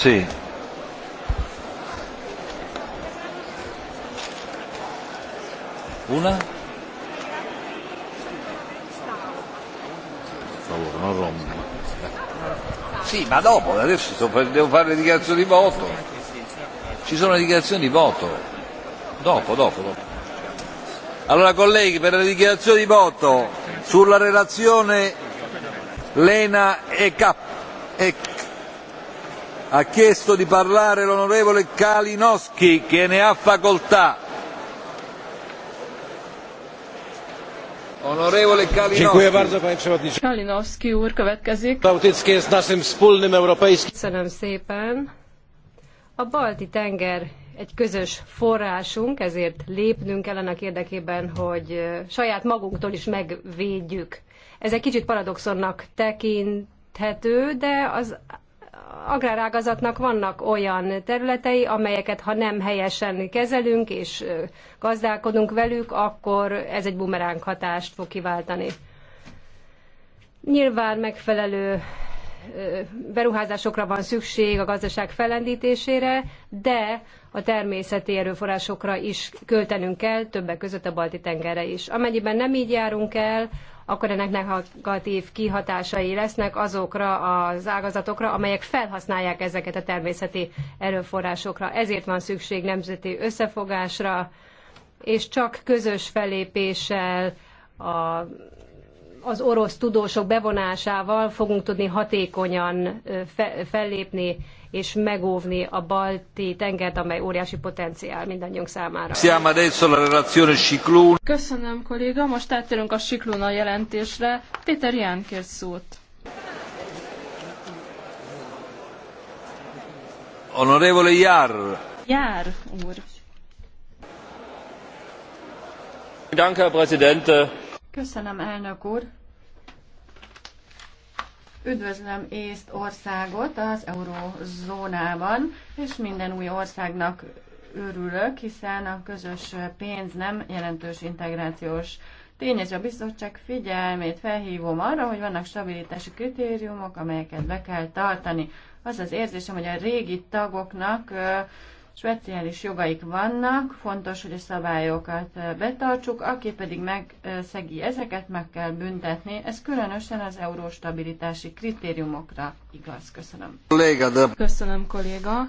Sí. Una. Favore, non rompo. Sì, ma dopo, adesso devo fare le dichiarazioni di voto. Ci sono le dichiarazioni di voto. Dopo, dopo, dopo. Allora colleghi, per le dichiarazioni di voto sulla relazione Lena e Cap. E ha chiesto di parlare l'onorevole Kalinowski, che ne ha facoltà. Onorevole Kalinowski. Dziękuję bardzo, panie przewodniczący. Kalinowski úr következik. jest naszym wspólnym europejskim. Köszönöm szépen. A balti tenger egy közös forrásunk, ezért lépnünk kell annak érdekében, hogy saját magunktól is megvédjük. Ez egy kicsit paradoxonnak tekinthető, de az agrárágazatnak vannak olyan területei, amelyeket ha nem helyesen kezelünk és gazdálkodunk velük, akkor ez egy bumeránk hatást fog kiváltani. Nyilván megfelelő beruházásokra van szükség a gazdaság fellendítésére, de a természeti erőforrásokra is költenünk kell, többek között a Balti tengerre is. Amennyiben nem így járunk el, akkor ennek negatív kihatásai lesznek azokra az ágazatokra, amelyek felhasználják ezeket a természeti erőforrásokra. Ezért van szükség nemzeti összefogásra, és csak közös felépéssel a az orosz tudósok bevonásával fogunk tudni hatékonyan fellépni és megóvni a balti tengert, amely óriási potenciál mindannyiunk számára. Köszönöm, kolléga. Most áttérünk a Siklóna jelentésre. Péter Ján kért szót. Honorevole Jár. Jár úr. Köszönöm, elnök úr. Üdvözlöm észt országot az eurózónában, és minden új országnak örülök, hiszen a közös pénz nem jelentős integrációs tényező. A bizottság figyelmét felhívom arra, hogy vannak stabilitási kritériumok, amelyeket be kell tartani. Az az érzésem, hogy a régi tagoknak speciális jogaik vannak, fontos, hogy a szabályokat eh, betartsuk, aki pedig megszegi eh, ezeket, meg kell büntetni. Ez különösen az euróstabilitási kritériumokra igaz. Köszönöm. Kolléga, de... Köszönöm, kolléga.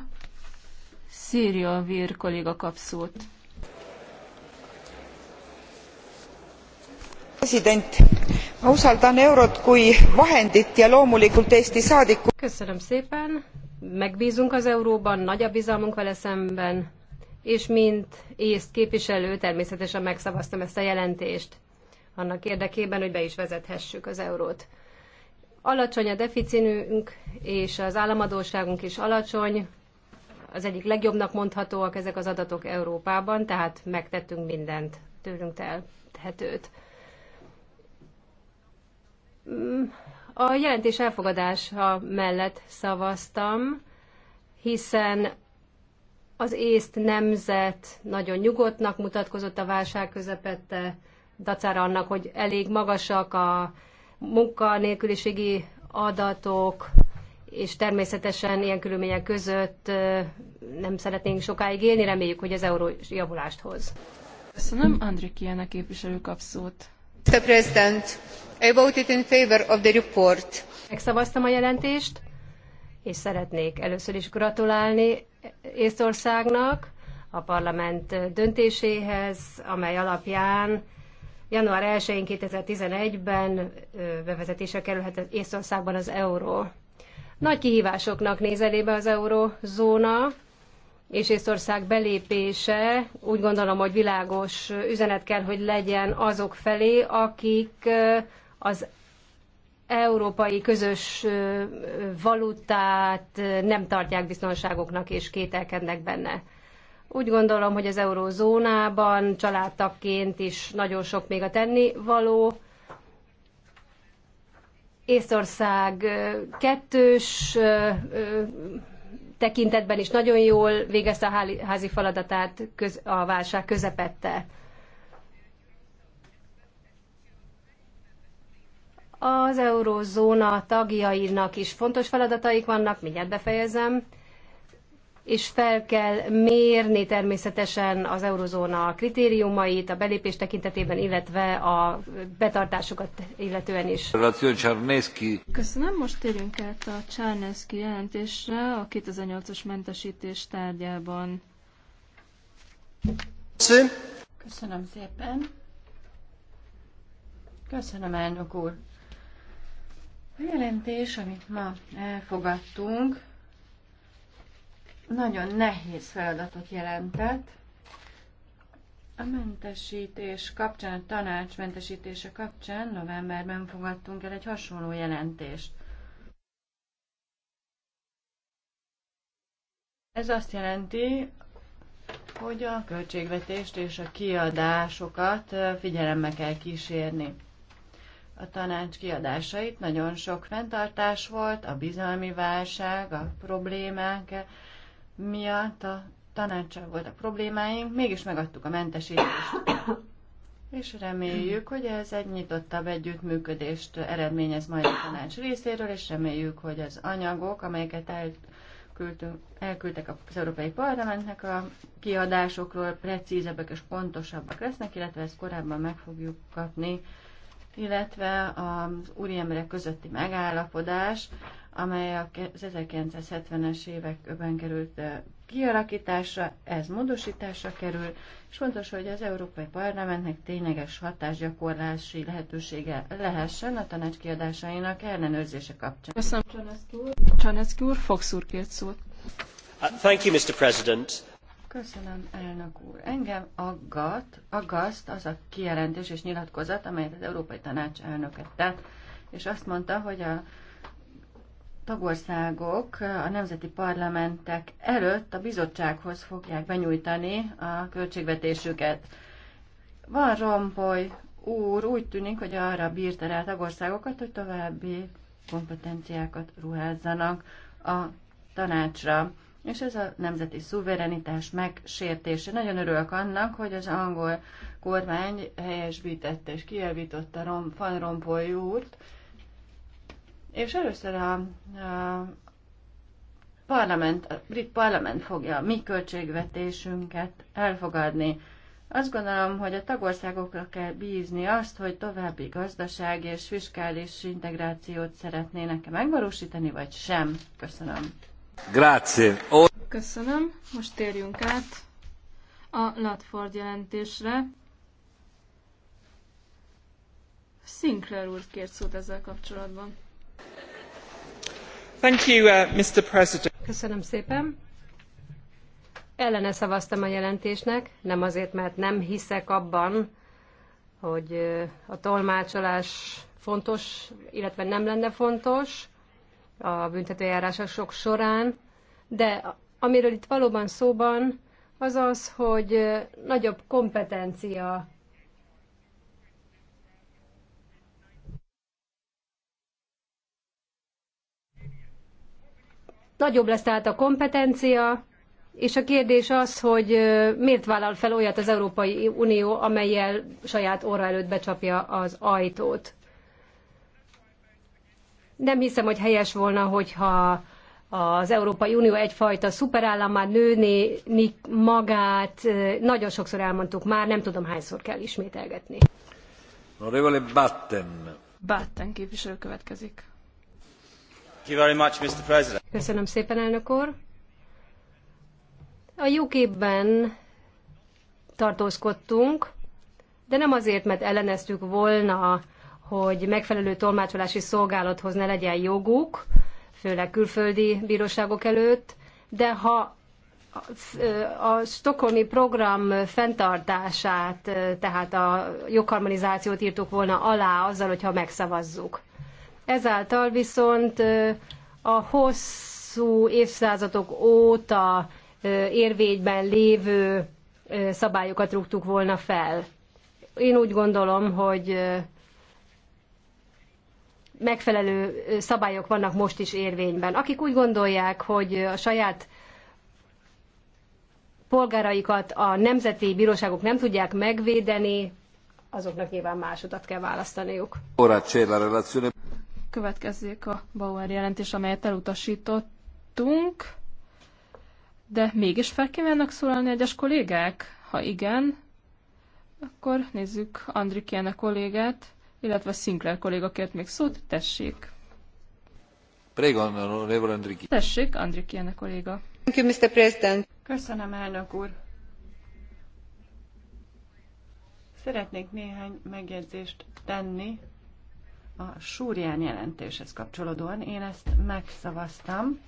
Szíria Vír kolléga kap szót. President, ma usaldan eurot kui vahendit ja loomulikult Eesti saadiku... Köszönöm szépen megbízunk az euróban, nagy a bizalmunk vele szemben, és mint észt képviselő természetesen megszavaztam ezt a jelentést annak érdekében, hogy be is vezethessük az eurót. Alacsony a deficitünk, és az államadóságunk is alacsony, az egyik legjobbnak mondhatóak ezek az adatok Európában, tehát megtettünk mindent tőlünk telhetőt. Mm, a jelentés elfogadása mellett szavaztam, hiszen az észt nemzet nagyon nyugodtnak mutatkozott a válság közepette, dacára annak, hogy elég magasak a munkanélküliségi adatok, és természetesen ilyen körülmények között nem szeretnénk sokáig élni, reméljük, hogy az euró javulást hoz. Köszönöm, Andri Kiana képviselő kap szót. Megszavaztam a jelentést, és szeretnék először is gratulálni észtországnak a parlament döntéséhez, amely alapján január 1-én 2011-ben bevezetése kerülhet észtországban az euró. Nagy kihívásoknak néz elébe az eurózóna, és Észország belépése úgy gondolom, hogy világos üzenet kell, hogy legyen azok felé, akik az európai közös valutát nem tartják biztonságoknak és kételkednek benne. Úgy gondolom, hogy az eurózónában családtagként is nagyon sok még a tenni való. Észország kettős tekintetben is nagyon jól végezte a házi feladatát a válság közepette. Az eurózóna tagjainak is fontos feladataik vannak, mindjárt befejezem és fel kell mérni természetesen az eurozóna kritériumait a belépés tekintetében, illetve a betartásokat illetően is. Köszönöm, most térjünk át a Csárneszki jelentésre a 2008-as mentesítés tárgyában. Köszönöm szépen. Köszönöm, elnök úr. A jelentés, amit ma elfogadtunk, nagyon nehéz feladatot jelentett. A mentesítés kapcsán, a tanács mentesítése kapcsán novemberben fogadtunk el egy hasonló jelentést. Ez azt jelenti, hogy a költségvetést és a kiadásokat figyelembe kell kísérni. A tanács kiadásait nagyon sok fenntartás volt, a bizalmi válság, a problémák, miatt a volt a problémáink, mégis megadtuk a mentesítést. És reméljük, hogy ez egy nyitottabb együttműködést eredményez majd a tanács részéről, és reméljük, hogy az anyagok, amelyeket elküldtek az Európai Parlamentnek a kiadásokról, precízebbek és pontosabbak lesznek, illetve ezt korábban meg fogjuk kapni, illetve az úriemberek közötti megállapodás, amely az 1970-es években került eh, kialakításra, ez módosításra kerül, és fontos, hogy az Európai Parlamentnek tényleges hatásgyakorlási lehetősége lehessen a tanács kiadásainak ellenőrzése kapcsán. Köszönöm, Csaneszki úr. Csaneszki úr, Fox úr kért szót. Uh, thank you, Mr. President. Köszönöm, elnök úr. Engem aggat, aggaszt az a kijelentés és nyilatkozat, amelyet az Európai Tanács elnöket tett, és azt mondta, hogy a tagországok a nemzeti parlamentek előtt a bizottsághoz fogják benyújtani a költségvetésüket. Van Rompoy úr úgy tűnik, hogy arra bírta rá a tagországokat, hogy további kompetenciákat ruházzanak a tanácsra. És ez a nemzeti szuverenitás megsértése. Nagyon örülök annak, hogy az angol kormány helyesbítette és kijavította Rom, Van Rompuy úrt, és először a, a parlament, a brit parlament fogja a mi költségvetésünket elfogadni. Azt gondolom, hogy a tagországokra kell bízni azt, hogy további gazdaság és fiskális integrációt szeretnének-e megvalósítani, vagy sem. Köszönöm. Grazie. O Köszönöm. Most térjünk át a Latford jelentésre. Sinclair úr kért szót ezzel kapcsolatban. Uh, Köszönöm szépen. Ellene szavaztam a jelentésnek, nem azért, mert nem hiszek abban, hogy uh, a tolmácsolás fontos, illetve nem lenne fontos a büntetőjárások során, de amiről itt valóban szóban, az az, hogy uh, nagyobb kompetencia Nagyobb lesz tehát a kompetencia, és a kérdés az, hogy miért vállal fel olyat az Európai Unió, amelyel saját orra előtt becsapja az ajtót. Nem hiszem, hogy helyes volna, hogyha az Európai Unió egyfajta szuperállamá nőni magát. Nagyon sokszor elmondtuk már, nem tudom hányszor kell ismételgetni. Honorable Batten. Batten képviselő következik. Thank you very much, Mr. President. Köszönöm szépen, elnök úr. A ukip tartózkodtunk, de nem azért, mert elleneztük volna, hogy megfelelő tolmácsolási szolgálathoz ne legyen joguk, főleg külföldi bíróságok előtt, de ha a stokholmi program fenntartását, tehát a jogharmonizációt írtuk volna alá azzal, hogyha megszavazzuk. Ezáltal viszont a hosszú évszázadok óta érvényben lévő szabályokat rúgtuk volna fel. Én úgy gondolom, hogy megfelelő szabályok vannak most is érvényben. Akik úgy gondolják, hogy a saját polgáraikat a nemzeti bíróságok nem tudják megvédeni, azoknak nyilván másodat kell választaniuk. Következzék a Bauer jelentés, amelyet elutasítottunk. De mégis felkívánnak szólalni egyes kollégák? Ha igen, akkor nézzük Andrikiene kollégát, illetve Sinclair kollégakért még szót. Tessék! Tessék, onorevole Andriki. kolléga. Thank you, Mr. President. Köszönöm, elnök úr. Szeretnék néhány megjegyzést tenni a Súrián jelentéshez kapcsolódóan. Én ezt megszavaztam.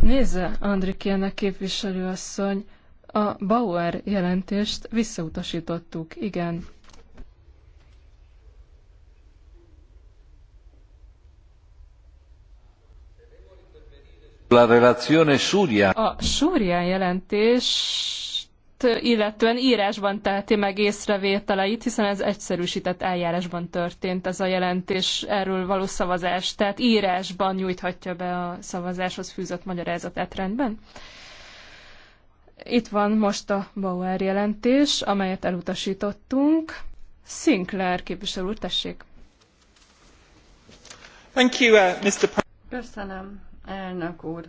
Nézze, Andrikének képviselőasszony, a Bauer jelentést visszautasítottuk, igen. La relazione A Súria jelentést illetően írásban teheti meg észrevételeit, hiszen ez egyszerűsített eljárásban történt ez a jelentés, erről való szavazás, tehát írásban nyújthatja be a szavazáshoz fűzött magyarázatát rendben. Itt van most a Bauer jelentés, amelyet elutasítottunk. Sinclair képviselő úr, tessék. Thank you, uh, Mr. Köszönöm, Elnök úr,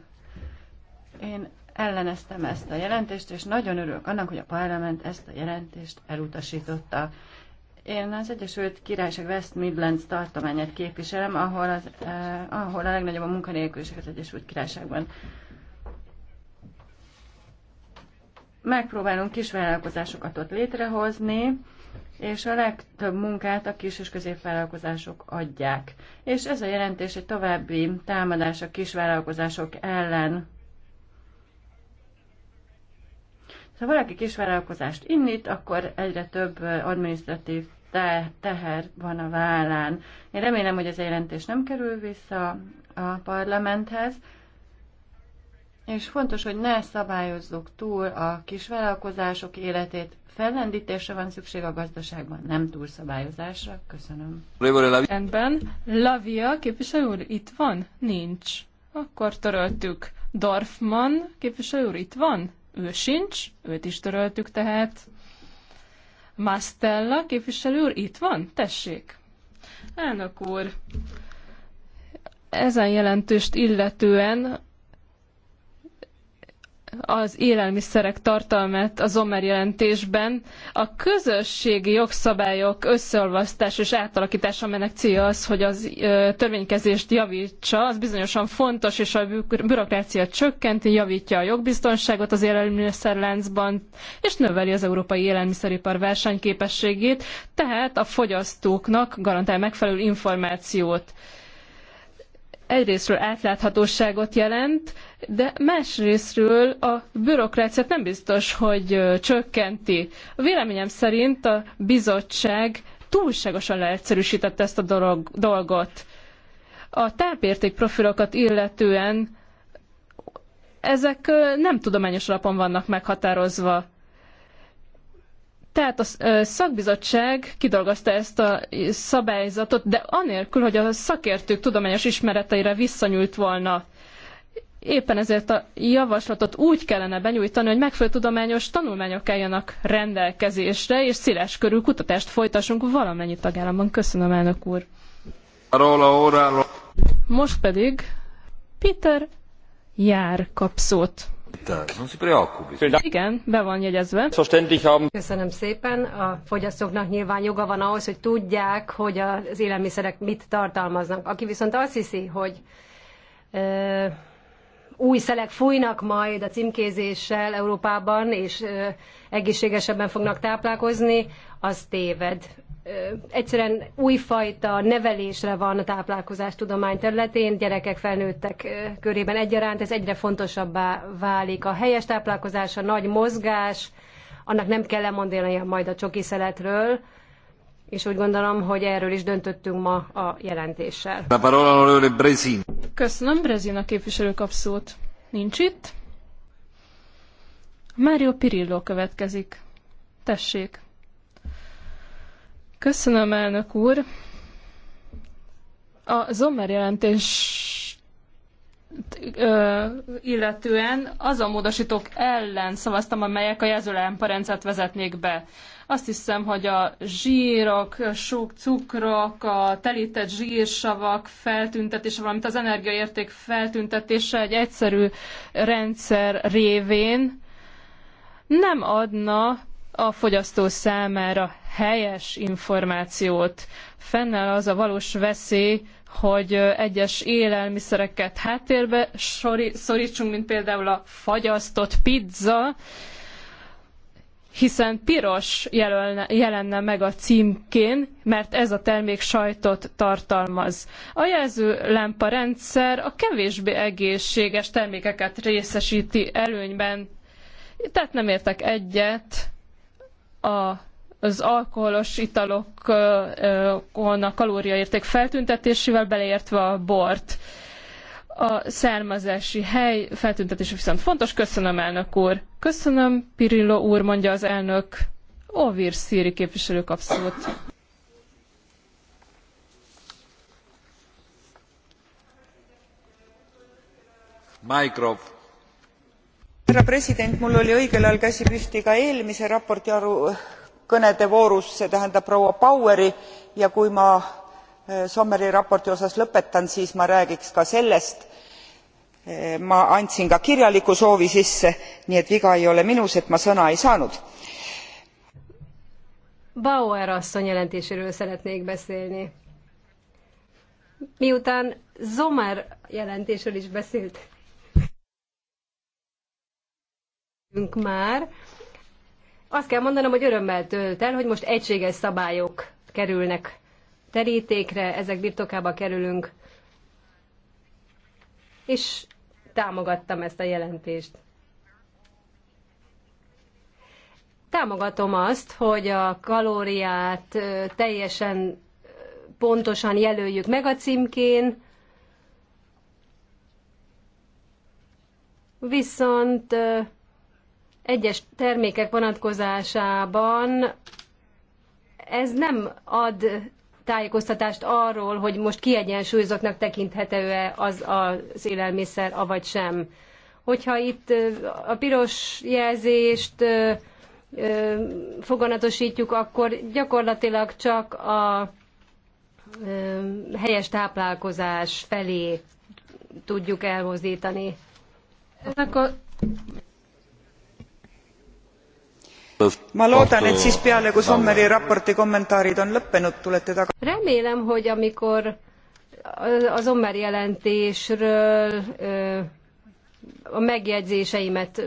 én elleneztem ezt a jelentést, és nagyon örülök annak, hogy a parlament ezt a jelentést elutasította. Én az Egyesült Királyság West Midlands tartományát képviselem, ahol, az, eh, ahol a legnagyobb a munkanélküliség az Egyesült Királyságban. megpróbálunk kisvállalkozásokat ott létrehozni, és a legtöbb munkát a kis és középvállalkozások adják. És ez a jelentés egy további támadás a kisvállalkozások ellen. Ha valaki kisvállalkozást indít, akkor egyre több administratív te- teher van a vállán. Én remélem, hogy ez a jelentés nem kerül vissza a parlamenthez, és fontos, hogy ne szabályozzuk túl a kisvállalkozások életét. Fellendítésre van szükség a gazdaságban, nem túlszabályozásra. Köszönöm. Rendben. Lavia képviselő úr itt van? Nincs. Akkor töröltük. Dorfman képviselő úr itt van? Ő sincs, őt is töröltük tehát. Mastella képviselő úr itt van? Tessék. Elnök úr, ezen jelentőst illetően az élelmiszerek tartalmát az OMER jelentésben. A közösségi jogszabályok összeolvasztás és átalakítása, amelynek célja az, hogy az törvénykezést javítsa, az bizonyosan fontos, és a bürokrácia csökkenti, javítja a jogbiztonságot az élelmiszerláncban, és növeli az európai élelmiszeripar versenyképességét, tehát a fogyasztóknak garantál megfelelő információt egyrésztről átláthatóságot jelent, de másrésztről a bürokráciát nem biztos, hogy csökkenti. A véleményem szerint a bizottság túlságosan leegyszerűsítette ezt a dolog, dolgot. A tápértékprofilokat illetően ezek nem tudományos alapon vannak meghatározva. Tehát a szakbizottság kidolgozta ezt a szabályzatot, de anélkül, hogy a szakértők tudományos ismereteire visszanyúlt volna. Éppen ezért a javaslatot úgy kellene benyújtani, hogy megfelelő tudományos tanulmányok álljanak rendelkezésre, és széles kutatást folytassunk valamennyi tagállamban. Köszönöm, elnök úr. Most pedig Peter Jár kap szót. Igen, be van jegyezve. Köszönöm szépen. A fogyasztóknak nyilván joga van ahhoz, hogy tudják, hogy az élelmiszerek mit tartalmaznak. Aki viszont azt hiszi, hogy ö, új szelek fújnak majd a címkézéssel Európában, és ö, egészségesebben fognak táplálkozni, az téved egyszerűen újfajta nevelésre van a táplálkozás tudomány területén, gyerekek, felnőttek körében egyaránt, ez egyre fontosabbá válik. A helyes táplálkozás, a nagy mozgás, annak nem kell lemondani majd a csoki szeletről, és úgy gondolom, hogy erről is döntöttünk ma a jelentéssel. A parola Brezin. Köszönöm, Brezin a képviselő kap szót. Nincs itt. Mário Pirillo következik. Tessék. Köszönöm, elnök úr. A Zommer jelentés illetően azon módosítók ellen szavaztam, amelyek a jelzőlámparendszert vezetnék be. Azt hiszem, hogy a zsírok, sok cukrok, a telített zsírsavak feltüntetése, valamint az energiaérték feltüntetése egy egyszerű rendszer révén nem adna a fogyasztó számára helyes információt. Fennáll az a valós veszély, hogy egyes élelmiszereket háttérbe sori, szorítsunk, mint például a fagyasztott pizza, hiszen piros jelölne, jelenne meg a címkén, mert ez a termék sajtot tartalmaz. A jelzőlámpa rendszer a kevésbé egészséges termékeket részesíti előnyben, tehát nem értek egyet a az alkoholos italokon a kalóriaérték feltüntetésével, beleértve a bort. A származási hely feltüntetése viszont fontos. Köszönöm, elnök úr. Köszönöm, Pirillo úr, mondja az elnök. Ovir Szíri képviselő kap szót. härra president mul oli õigel ajal käsi püsti ka eelmise raporti aru kõnede voorus see tähendab proua baueri ja kui ma äh, sommeri raporti osas lõpetan siis ma räägiks ka sellest äh, ma andsin ka kirjaliku soovi sisse nii et viga ei ole minus et ma sõna ei saanud. bauer asszony jelentéséről szeretnék beszélni. miután zomer jelentésről is beszélt már azt kell mondanom, hogy örömmel tölt el, hogy most egységes szabályok kerülnek terítékre, ezek birtokába kerülünk, és támogattam ezt a jelentést. Támogatom azt, hogy a kalóriát teljesen pontosan jelöljük meg a címkén, viszont egyes termékek vonatkozásában ez nem ad tájékoztatást arról, hogy most kiegyensúlyozottnak tekinthető-e az az élelmiszer, avagy sem. Hogyha itt a piros jelzést foganatosítjuk, akkor gyakorlatilag csak a helyes táplálkozás felé tudjuk elmozdítani. Ennek a remélem hogy amikor az sommer jelentésről a megjegyzéseimet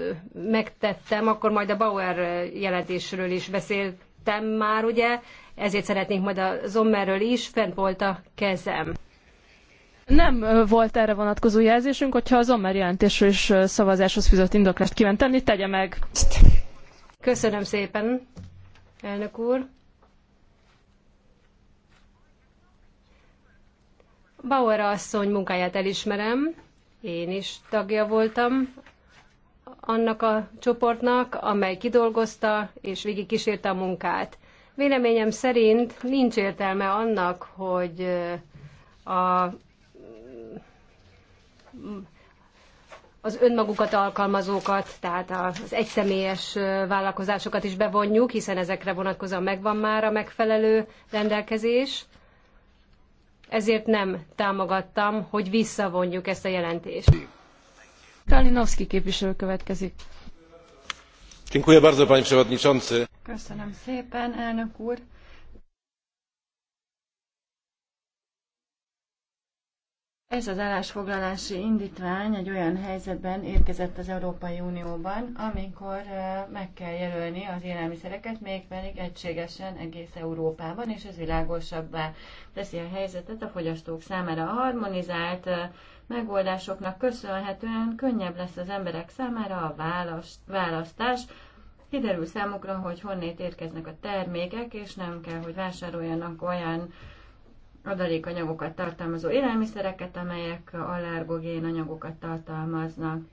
megtettem, akkor majd a Bauer jelentésről is beszéltem már, ugye? Ezért szeretnék majd a Zommerről is, fent volt a kezem. Nem volt erre vonatkozó jelzésünk, hogyha a Zommer jelentésről is szavazáshoz fűzött indoklást kíván tenni, tegye meg. Köszönöm szépen, elnök úr. Bauer asszony munkáját elismerem, én is tagja voltam annak a csoportnak, amely kidolgozta és végigkísérte a munkát. Véleményem szerint nincs értelme annak, hogy a az önmagukat alkalmazókat, tehát az egyszemélyes vállalkozásokat is bevonjuk, hiszen ezekre vonatkozóan megvan már a megfelelő rendelkezés. Ezért nem támogattam, hogy visszavonjuk ezt a jelentést. Kalinowski képviselő következik. Köszönöm szépen, elnök úr. Ez az állásfoglalási indítvány egy olyan helyzetben érkezett az Európai Unióban, amikor meg kell jelölni az élelmiszereket, mégpedig egységesen egész Európában, és ez világosabbá teszi a helyzetet a fogyasztók számára. A harmonizált megoldásoknak köszönhetően könnyebb lesz az emberek számára a választás, Kiderül számukra, hogy honnét érkeznek a termékek, és nem kell, hogy vásároljanak olyan adalékanyagokat tartalmazó élelmiszereket, amelyek allergogén anyagokat tartalmaznak.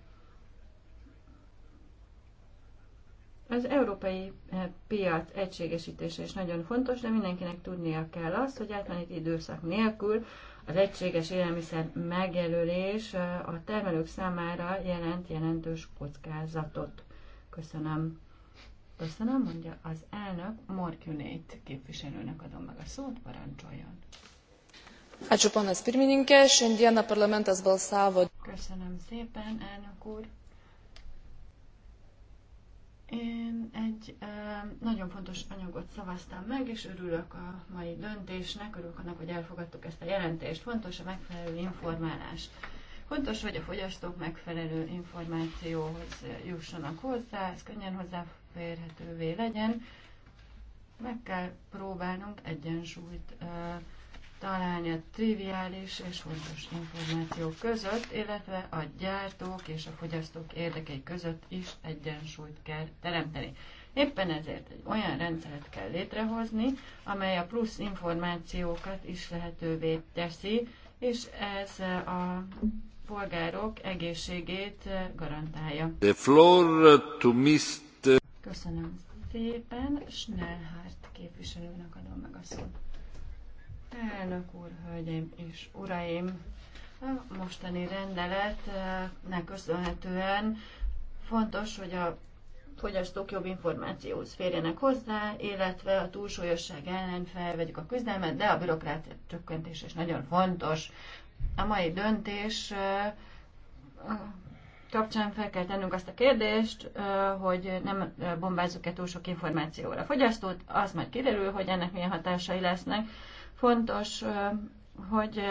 Az európai eh, piac egységesítése is nagyon fontos, de mindenkinek tudnia kell azt, hogy átmeneti időszak nélkül az egységes élelmiszer megjelölés eh, a termelők számára jelent jelentős kockázatot. Köszönöm. Köszönöm, mondja az elnök Morkunét képviselőnek adom meg a szót, parancsoljon. Šiandieną parlamentas balsavo. Köszönöm szépen, elnök úr. Én egy nagyon fontos anyagot szavaztam meg, és örülök a mai döntésnek, örülök annak, hogy elfogadtuk ezt a jelentést. Fontos a megfelelő informálás. Fontos, hogy a fogyasztók megfelelő információhoz jussanak hozzá, ez könnyen hozzáférhetővé legyen. Meg kell próbálnunk egyensúlyt uh, találni a triviális és fontos információk között, illetve a gyártók és a fogyasztók érdekei között is egyensúlyt kell teremteni. Éppen ezért egy olyan rendszert kell létrehozni, amely a plusz információkat is lehetővé teszi, és ez a polgárok egészségét garantálja. The floor to Mr. Köszönöm szépen, Schnellhardt képviselőnek adom meg a szót. Elnök úr, hölgyeim és uraim! A mostani rendeletnek köszönhetően fontos, hogy a fogyasztók jobb információhoz férjenek hozzá, illetve a túlsúlyosság ellen felvegyük a küzdelmet, de a bürokrácia csökkentés is nagyon fontos. A mai döntés kapcsán fel kell tennünk azt a kérdést, hogy nem bombázzuk-e túl sok információra a fogyasztót, az majd kiderül, hogy ennek milyen hatásai lesznek, Fontos, hogy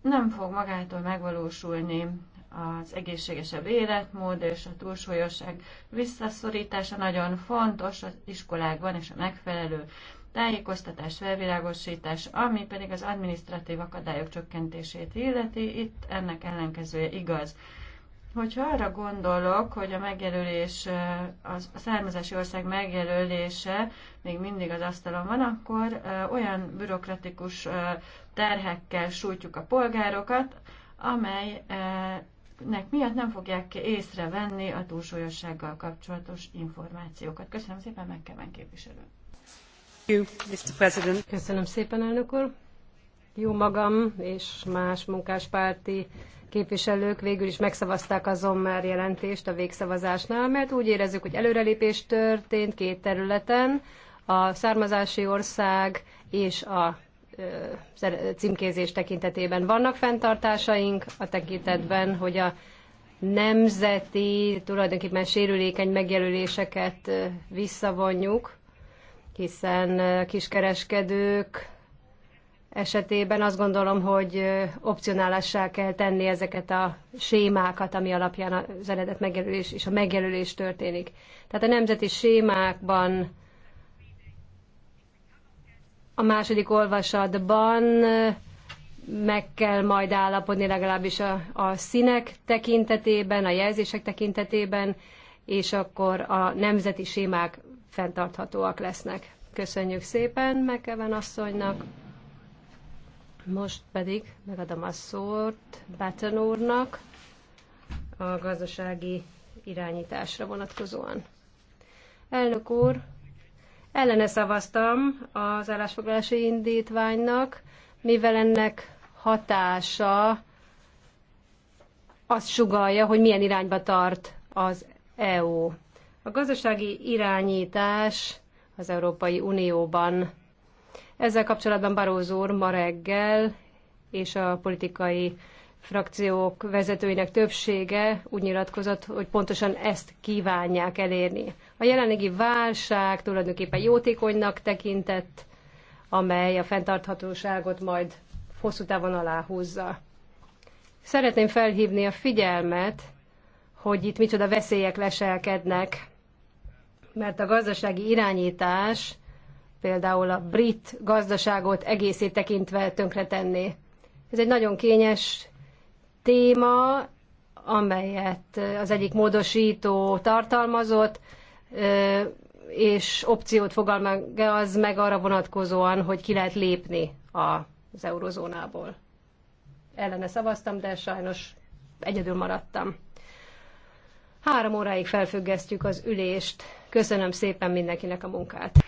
nem fog magától megvalósulni az egészségesebb életmód és a túlsúlyosság visszaszorítása nagyon fontos az iskolákban és a megfelelő tájékoztatás, felvilágosítás, ami pedig az administratív akadályok csökkentését illeti, itt ennek ellenkezője igaz. Hogyha arra gondolok, hogy a megjelölés, a származási ország megjelölése még mindig az asztalon van, akkor olyan bürokratikus terhekkel sújtjuk a polgárokat, amelynek miatt nem fogják észrevenni a túlsúlyossággal kapcsolatos információkat. Köszönöm szépen, megkeven képviselő. Köszönöm szépen, elnök úr. Jó magam és más munkáspárti képviselők végül is megszavazták a már jelentést a végszavazásnál, mert úgy érezzük, hogy előrelépés történt két területen, a származási ország és a címkézés tekintetében. Vannak fenntartásaink a tekintetben, hogy a nemzeti, tulajdonképpen sérülékeny megjelöléseket visszavonjuk, hiszen kiskereskedők esetében azt gondolom, hogy opcionálassá kell tenni ezeket a sémákat, ami alapján az eredet megjelölés és a megjelölés történik. Tehát a nemzeti sémákban a második olvasatban meg kell majd állapodni legalábbis a, a színek tekintetében, a jelzések tekintetében, és akkor a nemzeti sémák fenntarthatóak lesznek. Köszönjük szépen Mekeven asszonynak! Most pedig megadom a szót Batten úrnak a gazdasági irányításra vonatkozóan. Elnök úr, ellene szavaztam az állásfoglalási indítványnak, mivel ennek hatása azt sugalja, hogy milyen irányba tart az EU. A gazdasági irányítás az Európai Unióban ezzel kapcsolatban Barózó úr ma reggel és a politikai frakciók vezetőinek többsége úgy nyilatkozott, hogy pontosan ezt kívánják elérni. A jelenlegi válság tulajdonképpen jótékonynak tekintett, amely a fenntarthatóságot majd hosszú távon aláhúzza. Szeretném felhívni a figyelmet, hogy itt micsoda veszélyek leselkednek, mert a gazdasági irányítás például a brit gazdaságot egészét tekintve tönkretenné. Ez egy nagyon kényes téma, amelyet az egyik módosító tartalmazott, és opciót fogalmaz meg arra vonatkozóan, hogy ki lehet lépni az eurozónából. Ellene szavaztam, de sajnos egyedül maradtam. Három óráig felfüggesztjük az ülést. Köszönöm szépen mindenkinek a munkát.